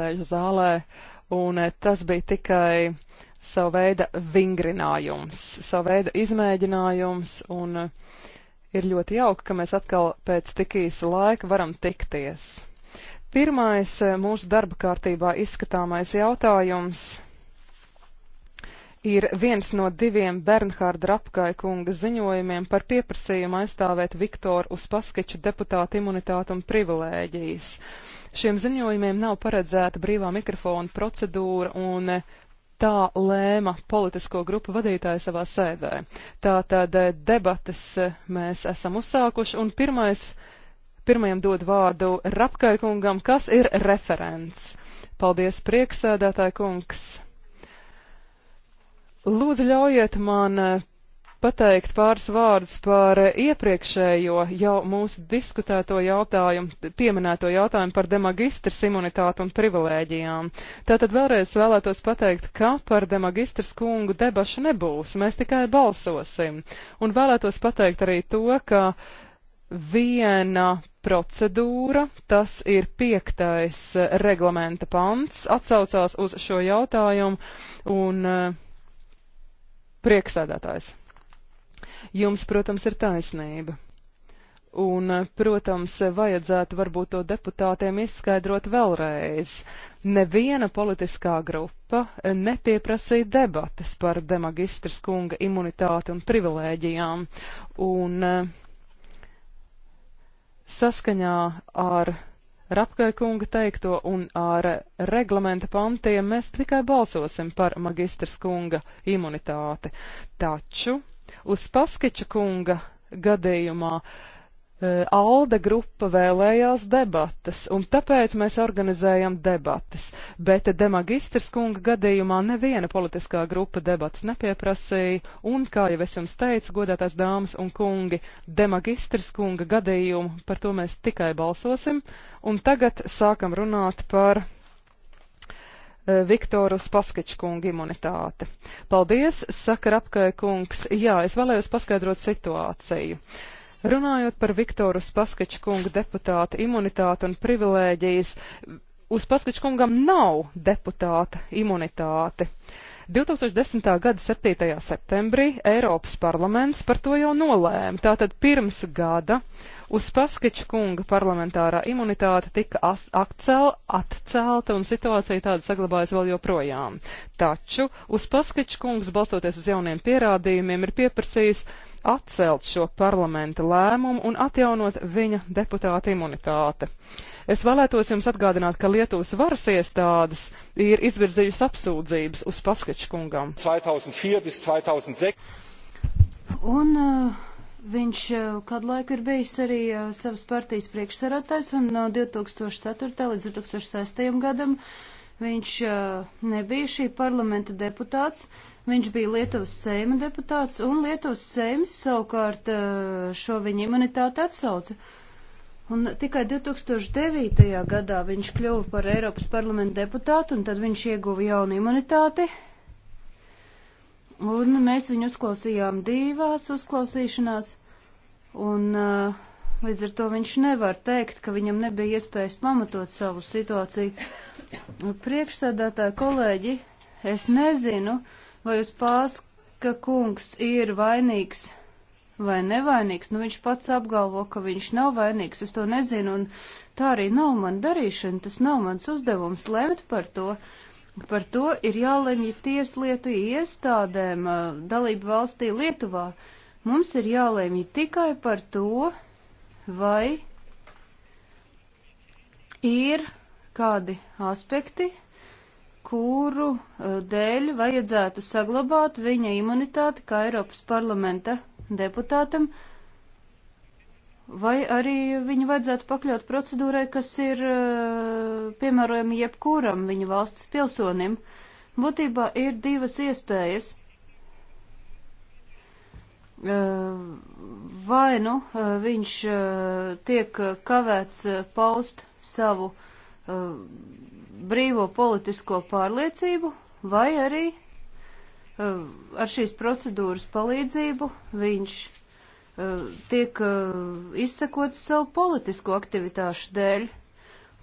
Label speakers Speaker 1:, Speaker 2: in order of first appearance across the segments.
Speaker 1: sēžu zālē, un eh, tas bija tikai savu veidu vingrinājums, savu veidu izmēģinājums, un eh, ir ļoti jauki, ka mēs atkal pēc tik īsa laika varam tikties. Pirmais eh, mūsu darba kārtībā izskatāmais jautājums ir viens no diviem Bernhārda Rapkaikunga ziņojumiem par pieprasījumu aizstāvēt Viktoru Uspaskiču deputātu imunitātu un privilēģijas. Šiem ziņojumiem nav paredzēta brīvā mikrofona procedūra un tā lēma politisko grupu vadītāji savā sēdē. Tātad eh, debatas eh, mēs esam uzsākuši un pirmais, pirmajam dod vārdu Rapkaikungam, kas ir referents. Paldies, prieksēdētāji kungs! Lūdzu, ļaujiet man eh, pateikt pāris vārdus par eh, iepriekšējo jau mūsu diskutēto jautājumu, pieminēto jautājumu par demagistras imunitātu un privilēģijām. Tātad vēlreiz vēlētos pateikt, ka par demagistras kungu debašu nebūs, mēs tikai balsosim. Un vēlētos pateikt arī to, ka viena procedūra, tas ir piektais eh, reglamenta pants, atsaucās uz šo jautājumu un uh, Prieksēdētājs. Jums, protams, ir taisnība. Un, protams, vajadzētu varbūt to deputātiem izskaidrot vēlreiz. Neviena politiskā grupa netieprasīja debatas par demagistras kunga imunitāti un privilēģijām. Un saskaņā ar Rapkai kunga teikto un ar reglamenta pantiem mēs tikai balsosim par magistras kunga imunitāti. Taču uz Paskiča kunga gadījumā Eh, Alde grupa vēlējās debatas, un tāpēc mēs organizējam debatas, bet demagistrs kunga gadījumā neviena politiskā grupa debatas nepieprasīja, un, kā jau es jums teicu, godātās dāmas un kungi, demagistrs kunga gadījumu par to mēs tikai balsosim, un tagad sākam runāt par. Eh, Viktoru Spaskičkungu imunitāti. Paldies, saka Rapkai kungs. Jā, es vēlējos paskaidrot situāciju. Uh, Runājot par Viktoru Spaskaču kungu deputāta imunitāti un privilēģijas, uz Paskaču kungam nav deputāta imunitāte. 2010. gada 7. septembrī Eiropas parlaments par to jau nolēma. Tātad pirms gada uz Paskaču kunga parlamentārā imunitāte tika atcel, atcelta un situācija tāda saglabājas vēl joprojām. Taču uz Paskaču kungs, balstoties uz jauniem pierādījumiem, ir pieprasījis atcelt šo parlamenta lēmumu un atjaunot viņa deputāta imunitāte. Es vēlētos jums atgādināt, ka Lietuvas varas iestādes ir izvirzījusi apsūdzības uz Paskačkungam. 2004
Speaker 2: Un uh, viņš uh, kādu laiku ir bijis arī uh, savas partijas priekšsarātais un uh, no 2004. līdz 2006. gadam viņš uh, nebija šī parlamenta deputāts. Uh, Viņš bija Lietuvas seima deputāts, un Lietuvas seims savukārt eh, šo viņa imunitāti atsauca. Un tikai 2009. gadā viņš kļuva par Eiropas parlamenta deputātu, un tad viņš ieguva jaunu imunitāti. Un mēs viņu uzklausījām divās uzklausīšanās, un eh, līdz ar to viņš nevar teikt, ka viņam nebija iespējas pamatot savu situāciju. Priekšsēdētāji kolēģi, es nezinu, uh, Vai jūs pāska kungs ir vainīgs vai nevainīgs? Nu, viņš pats apgalvo, ka viņš nav vainīgs, es to nezinu, un tā arī nav man darīšana, tas nav mans uzdevums lemt par to. Par to ir jālemj tieslietu iestādēm dalību valstī Lietuvā. Mums ir jālemj tikai par to, vai ir kādi aspekti, kuru e, dēļ vajadzētu saglabāt viņa imunitāti kā Eiropas parlamenta deputātam, vai arī viņu vajadzētu pakļaut procedūrai, kas ir e, piemērojama jebkuram viņa valsts pilsonim. Būtībā ir divas iespējas. E, vai nu viņš tiek kavēts paust savu brīvo politisko pārliecību, vai arī eh, ar šīs procedūras palīdzību viņš eh, tiek eh, izsekots savu politisko aktivitāšu dēļ.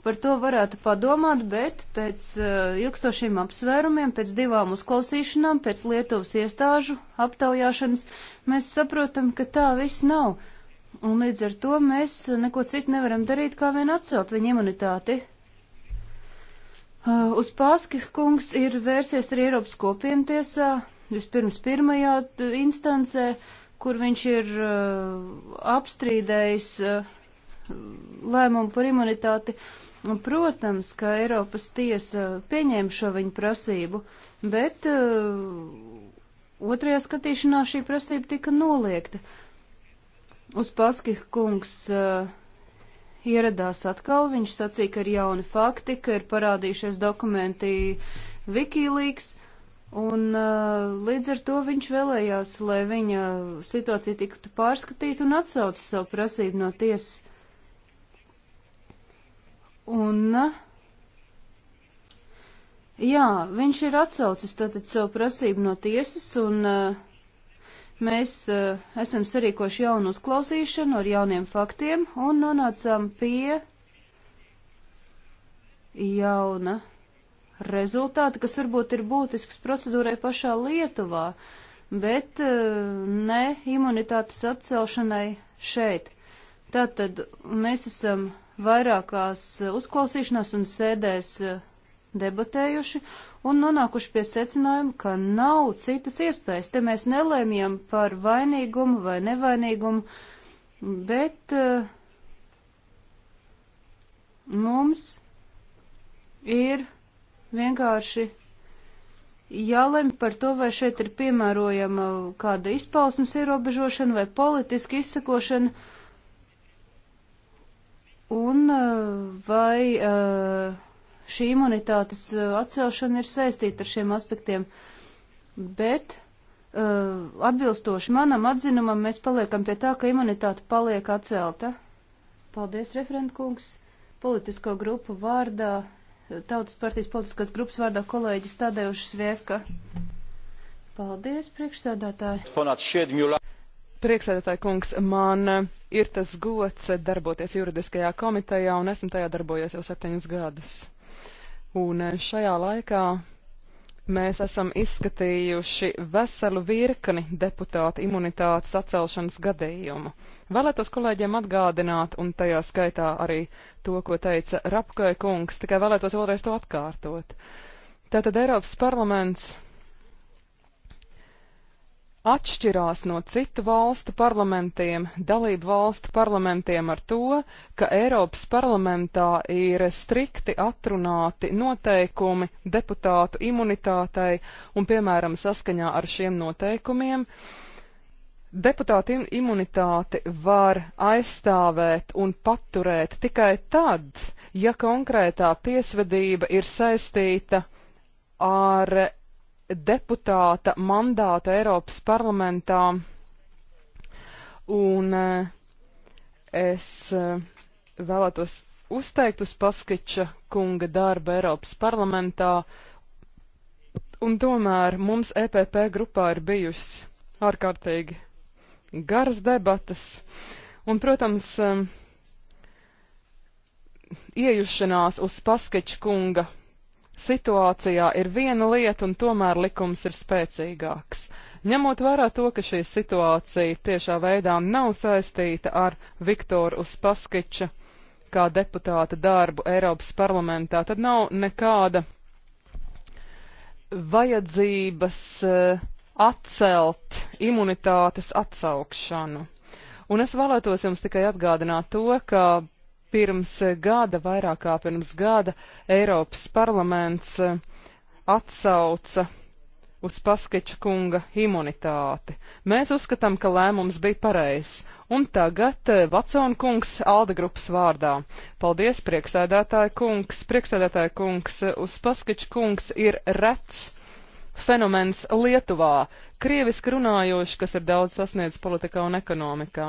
Speaker 2: Par to varētu padomāt, bet pēc uh, ilgstošiem apsvērumiem, pēc divām uzklausīšanām, pēc Lietuvas iestāžu aptaujāšanas mēs saprotam, ka tā viss nav. Un līdz ar to mēs neko citu nevaram darīt, kā vien atcelt viņa imunitāti. Uh, uz Paskih kungs ir vērsies arī Eiropas kopienu tiesā, vispirms pirmajā uh, instancē, kur viņš ir uh, apstrīdējis uh, lēmumu par imunitāti. Un, protams, ka Eiropas tiesa pieņēma šo viņa prasību, bet uh, otrajā skatīšanā šī prasība tika noliegta. Uz Paskih kungs uh, ieradās atkal. Viņš sacīja, ka ir jauni fakti, ka ir parādījušies dokumenti Wikileaks. Un uh, līdz ar to viņš vēlējās, lai viņa situācija tiktu pārskatīta un atsauca savu prasību no tiesas. Un, uh, jā, viņš ir atsaucis tātad savu prasību no tiesas un uh, Mēs uh, esam sarīkoši jaunu uzklausīšanu ar jauniem faktiem un nonācām pie jauna rezultāta, kas varbūt ir būtisks procedūrai pašā Lietuvā, bet uh, ne imunitātes atcelšanai šeit. Tātad mēs esam vairākās uzklausīšanās un sēdēs uh, debatējuši un nonākuši pie secinājuma, ka nav citas iespējas. Te mēs nelēmjam par vainīgumu vai nevainīgumu, bet uh, mums ir vienkārši jālemj par to, vai šeit ir piemērojama kāda izpausmes ierobežošana vai politiska izsakošana, un eh, vai uh, šī imunitātes eh, atcelšana ir saistīta ar šiem aspektiem. Bet eh, atbilstoši manam atzinumam mēs paliekam pie tā, ka imunitāte paliek atcelta. Paldies, referentkungs. Politisko grupu vārdā, eh, Tautas partijas politiskās grupas vārdā kolēģis Tadeušs Vievka. Paldies,
Speaker 1: priekšsēdētāji. Priekšsēdētāji kungs, man ir tas gods darboties juridiskajā komitejā un esmu tajā darbojies jau septiņus gadus. Un eh, šajā laikā mēs esam izskatījuši veselu virkni deputātu imunitātes atcelšanas gadījumu. Vēlētos kolēģiem atgādināt, un tajā skaitā arī to, ko teica Rapkai kungs, tikai vēlētos vēlreiz to atkārtot. Tātad Eiropas parlaments atšķirās no citu valstu parlamentiem, dalību valstu parlamentiem ar to, ka Eiropas parlamentā ir strikti atrunāti noteikumi deputātu imunitātei un, piemēram, saskaņā ar šiem noteikumiem. Deputāta imunitāti var aizstāvēt un paturēt tikai tad, ja konkrētā piesvedība ir saistīta ar deputāta mandātu Eiropas parlamentā, un e, es e, vēlētos uzteikt uz Paskiča kunga darba Eiropas parlamentā, un tomēr mums EPP grupā ir bijušas ārkārtīgi garas debatas, un, protams, e, iejušanās uz Paskiča kunga situācijā ir viena lieta un tomēr likums ir spēcīgāks. Ņemot vērā to, ka šī situācija tiešā veidā nav saistīta ar Viktoru Uspaskiča kā deputāta darbu Eiropas parlamentā, tad nav nekāda vajadzības uh, atcelt imunitātes atsaukšanu. Un es vēlētos jums tikai atgādināt to, ka Pirms eh, gada, vairāk kā pirms gada, Eiropas parlaments eh, atsauca uz Paskeča kunga imunitāti. Mēs uzskatām, ka lēmums bija pareizs. Un tagad eh, Vatsona kungs Alda grupas vārdā. Paldies, priekšsēdētāja kungs. Priekšsēdētāja kungs, uz Paskeča kungs ir rets fenomens Lietuvā. Krieviski runājoši, kas ir daudz sasniedz politikā un ekonomikā.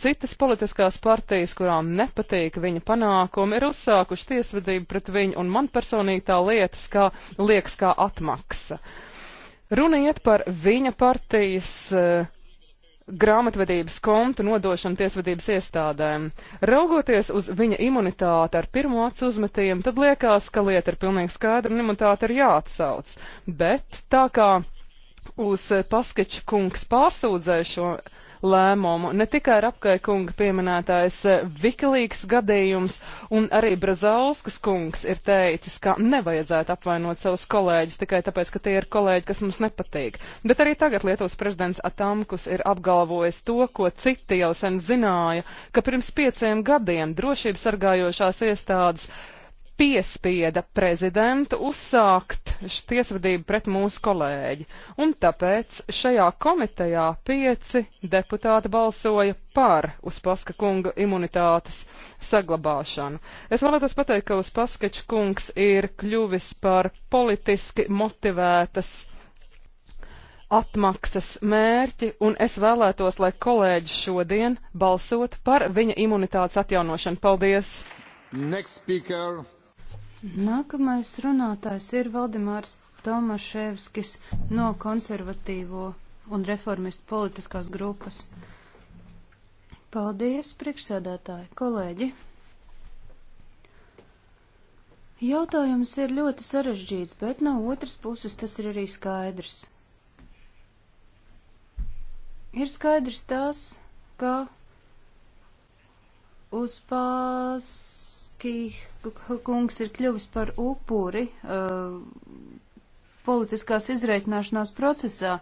Speaker 1: Citas politiskās partijas, kurām nepatīk viņa panākumi, ir uzsākuši tiesvedību pret viņu, un man personīgi tā lietas kā, liekas kā atmaksa. Runiet par viņa partijas uh, grāmatvedības kontu nodošanu tiesvedības iestādēm. Raugoties uz viņa imunitāti ar pirmo acu uzmetījumu, tad liekas, ka lieta ir pilnīgi skaidra un imunitāte ir jāatsauc. Bet tā kā uz paskeča kungs pārsūdzēja šo lēmumu. Ne tikai Rapkaikunga pieminētais eh, Vikalīgs gadījums, un arī Brazauskas kungs ir teicis, ka nevajadzētu apvainot savus kolēģus tikai tāpēc, ka tie ir kolēģi, kas mums nepatīk. Bet arī tagad Lietuvas prezidents Atamkus ir apgalvojis to, ko citi jau sen zināja, ka pirms pieciem gadiem drošības sargājošās iestādes piespieda prezidentu uzsākt tiesvedību pret mūsu kolēģi, un tāpēc šajā komitejā pieci deputāti balsoja par Uspaska kunga imunitātes saglabāšanu. Es vēlētos pateikt, ka Uspaskačs kungs ir kļuvis par politiski motivētas atmaksas mērķi, un es vēlētos, lai kolēģi šodien balsot par viņa imunitātes atjaunošanu. Paldies! Next speaker.
Speaker 2: Nākamais runātājs ir Valdemārs Tomaševskis no konservatīvo un reformistu politiskās grupas. Paldies, priekšsēdētāji, kolēģi! Jautājums ir ļoti sarežģīts, bet no otras puses tas ir arī skaidrs. Ir skaidrs tas, ka uz pās Liberatski kungs ir kļuvis par upuri uh, politiskās izreikināšanās procesā,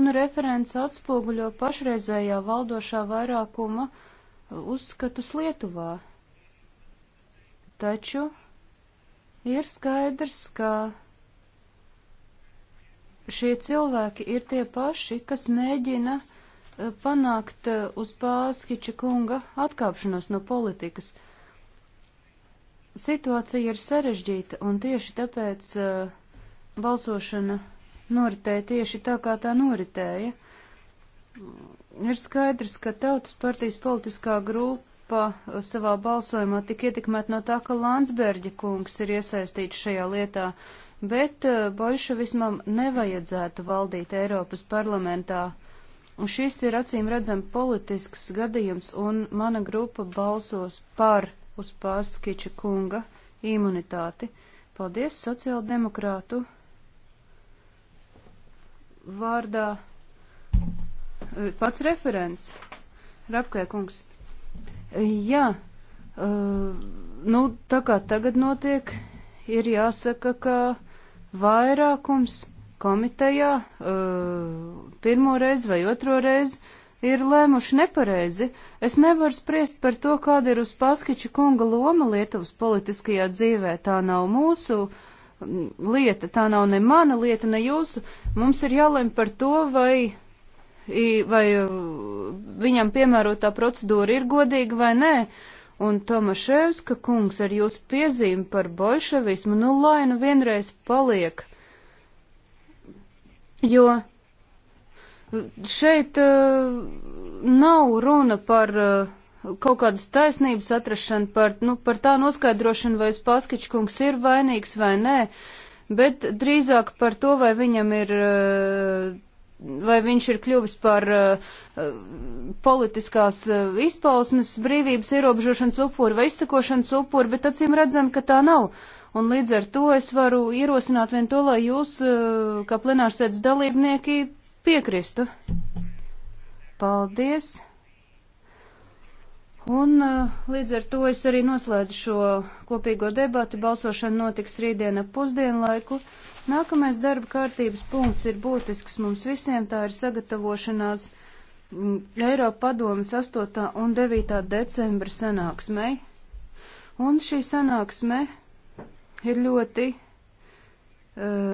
Speaker 2: un referents atspoguļo pašreizējā valdošā vairākuma uh, uzskatus Lietuvā. Taču ir skaidrs, ka šie cilvēki ir tie paši, kas mēģina uh, panākt uh, uz Pāskiča kunga atkāpšanos no politikas. Situācija ir sarežģīta, un tieši tāpēc uh, balsošana noritēja tieši tā, kā tā noritēja. Ir skaidrs, ka Tautas partijas politiskā grupa uh, savā balsojumā tik ietekmēt no tā, ka Landsberģa kungs ir iesaistīts šajā lietā, bet uh, bolševismam nevajadzētu valdīt Eiropas parlamentā. Un šis ir acīm redzam politisks gadījums, un mana grupa balsos par uz Pārskiča kunga imunitāti. Paldies sociāldemokrātu vārdā. E, pats referents, Rapkē kungs. E, jā, uh, nu tā kā tagad notiek, ir jāsaka, ka vairākums komitejā uh, pirmo reizi vai otro reizi ir lēmuši nepareizi, es nevaru spriest par to, kāda ir uz Paskiča kunga loma Lietuvas politiskajā dzīvē. Tā nav mūsu mm, lieta, tā nav ne mana lieta, ne jūsu. Mums ir jālem par to, vai, vai mm, viņam piemērotā procedūra ir godīga vai nē. Un Tomaševska kungs ar jūsu piezīmi par bolševismu, nu lai nu vienreiz paliek. Jo Šeit uh, nav runa par uh, kaut kādas taisnības atrašanu, par, nu, par tā noskaidrošanu, vai Spaskičkungs ir vainīgs vai nē, bet drīzāk par to, vai viņam ir uh, vai viņš ir kļuvis par uh, politiskās uh, izpausmes brīvības ierobežošanas upuri vai izsakošanas upuri, bet acīm redzam, ka tā nav. Un līdz ar to es varu ierosināt vien to, lai jūs, uh, kā plenārsēdz dalībnieki, Piekristu. Paldies. Un uh, līdz ar to es arī noslēdzu šo kopīgo debati. Balsošana notiks rītdiena pusdienlaiku. Nākamais darba kārtības punkts ir būtisks mums visiem. Tā ir sagatavošanās mm, Eiropa padomas 8. un 9. decembra sanāksmei. Un šī sanāksme ir ļoti. Uh,